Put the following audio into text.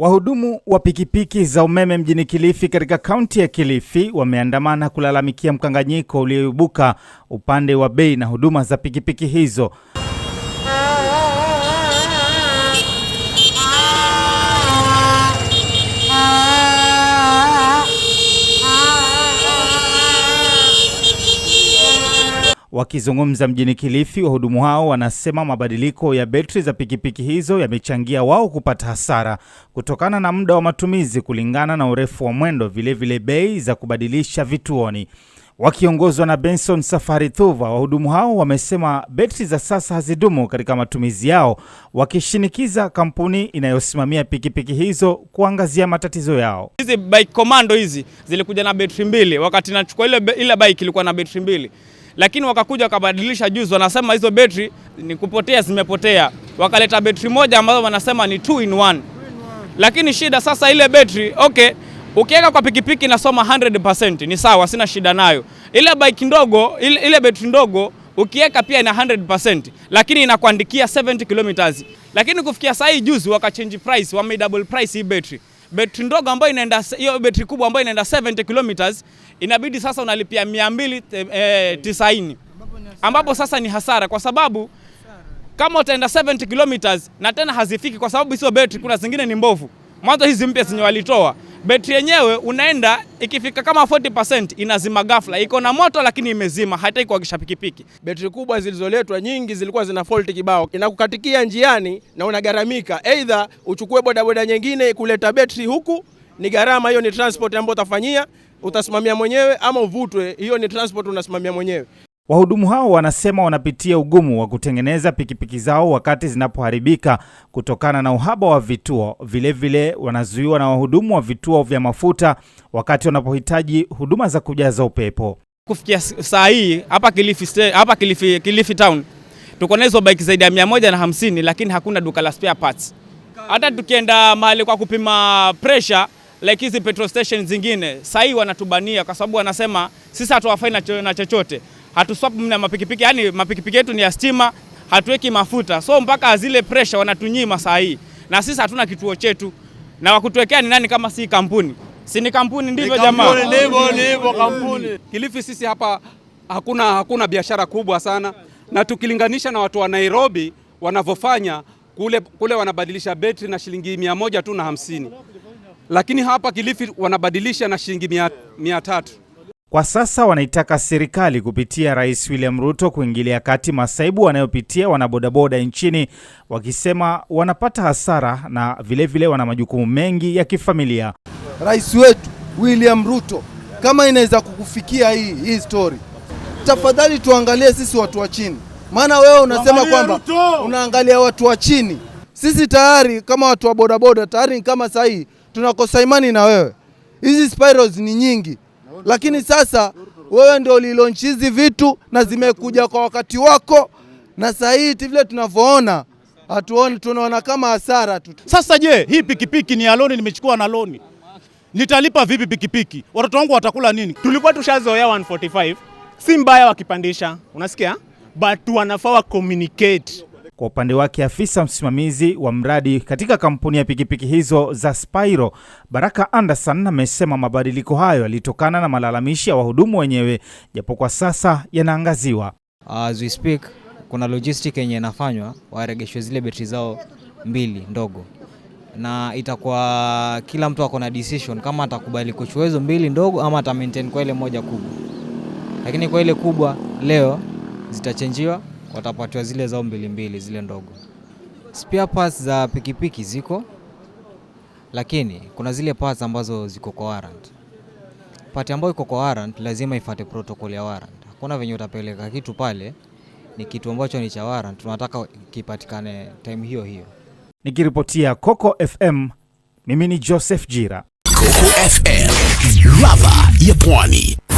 Wahudumu wa pikipiki za umeme mjini Kilifi katika kaunti ya Kilifi wameandamana kulalamikia mkanganyiko ulioibuka upande wa bei na huduma za pikipiki hizo. Wakizungumza mjini Kilifi, wahudumu hao wanasema mabadiliko ya betri za pikipiki hizo yamechangia wao kupata hasara kutokana na muda wa matumizi kulingana na urefu wa mwendo, vilevile bei za kubadilisha vituoni. Wakiongozwa na Benson Safari Thuva, wahudumu hao wamesema betri za sasa hazidumu katika matumizi yao, wakishinikiza kampuni inayosimamia pikipiki hizo kuangazia matatizo yao. Hizi bike hizi zilikuja na betri mbili, wakati nachukua ile, ile bike ilikuwa na betri mbili lakini wakakuja wakabadilisha juzi, wanasema hizo betri ni kupotea, zimepotea. Wakaleta betri moja ambazo wanasema ni two in one, lakini shida sasa ile betri okay, ukiweka kwa pikipiki nasoma 100% ni sawa, sina shida nayo. Ile bike ndogo ile, ile betri ndogo ukiweka pia ina 100% lakini inakuandikia 70 kilometers, lakini kufikia saa hii juzi wakachange price, wame double price hii betri betri ndogo ambayo inaenda hiyo betri kubwa ambayo inaenda 70 kilometers inabidi sasa unalipia 290, eh, eh, ambapo sasa ni hasara kwa sababu kama utaenda 70 kilometers na tena hazifiki, kwa sababu sio betri, kuna zingine ni mbovu mwanzo, hizi mpya zenye walitoa betri yenyewe unaenda ikifika kama 40% inazima ghafla, iko na moto lakini imezima, hata ikuakisha pikipiki. Betri kubwa zilizoletwa nyingi zilikuwa zina fault kibao, inakukatikia njiani na unagharamika, aidha uchukue bodaboda nyingine kuleta betri huku, ni gharama hiyo, ni transport ambayo utafanyia, utasimamia mwenyewe, ama uvutwe, hiyo ni transport unasimamia mwenyewe. Wahudumu hao wanasema wanapitia ugumu wa kutengeneza pikipiki zao wakati zinapoharibika kutokana na uhaba wa vituo. Vilevile vile wanazuiwa na wahudumu wa vituo vya mafuta wakati wanapohitaji huduma za kujaza upepo. Kufikia saa hii hapa Kilifi, hapa Kilifi, Kilifi town tuko na hizo bike zaidi ya hamsini lakini hakuna duka la spare parts. Hata tukienda mahali kwa kupima pressure like hizi petrol station zingine, saa hii wanatubania kwa sababu wanasema sisi hatuwafai na chochote hatuswap mna mapikipiki, yani mapikipiki yetu ni ya stima, hatuweki mafuta, so mpaka zile pressure wanatunyima saa hii, na sisi hatuna kituo chetu, na wakutuwekea ni nani kama si kampuni? Si ni kampuni ndivyo jamaa, ndivyo kampuni. Kilifi sisi hapa hakuna, hakuna biashara kubwa sana, na tukilinganisha na watu wa Nairobi wanavyofanya kule, kule wanabadilisha betri na shilingi mia moja tu na hamsini, lakini hapa Kilifi wanabadilisha na shilingi mia, mia tatu. Kwa sasa wanaitaka serikali kupitia Rais William Ruto kuingilia kati masaibu wanayopitia wanabodaboda nchini, wakisema wanapata hasara na vilevile vile wana majukumu mengi ya kifamilia. Rais wetu William Ruto, kama inaweza kukufikia hii hii story, tafadhali tuangalie sisi watu wa chini, maana wewe unasema kwamba unaangalia watu wa chini. Sisi tayari kama watu wa bodaboda tayari kama saa tunakosa imani na wewe. Hizi spirals ni nyingi. Lakini sasa wewe ndio ulilonchi hizi vitu na zimekuja kwa wakati wako, na saa hii vile tunavyoona hatuoni, tunaona kama hasara tu. Sasa je, hii pikipiki ni ya loni? Nimechukua na loni, nitalipa vipi pikipiki? Watoto wangu watakula nini? Tulikuwa tushazoea 145 si mbaya wakipandisha, unasikia but wanafaa wa communicate kwa upande wake afisa msimamizi wa mradi katika kampuni ya pikipiki hizo za Spiro, Baraka Anderson, amesema mabadiliko hayo yalitokana na malalamishi ya wahudumu wenyewe, japo kwa sasa yanaangaziwa. As we speak, kuna logistic yenye inafanywa waregeshwe zile betri zao mbili ndogo, na itakuwa kila mtu ako na decision kama atakubali kuchukua hizo mbili ndogo ama ata maintain kwa ile moja kubwa, lakini kwa ile kubwa leo zitachenjiwa watapatiwa zile zao mbili mbili zile ndogo. Spare parts za pikipiki ziko, lakini kuna zile parts ambazo ziko kwa warrant. Part ambayo iko kwa warrant lazima ifuate protocol ya warrant. Hakuna venye utapeleka kitu pale ni kitu ambacho ni cha warrant, tunataka kipatikane time hiyo hiyo. Nikiripotia Coco FM, mimi ni Joseph Jira, Coco FM, ladha ya Pwani.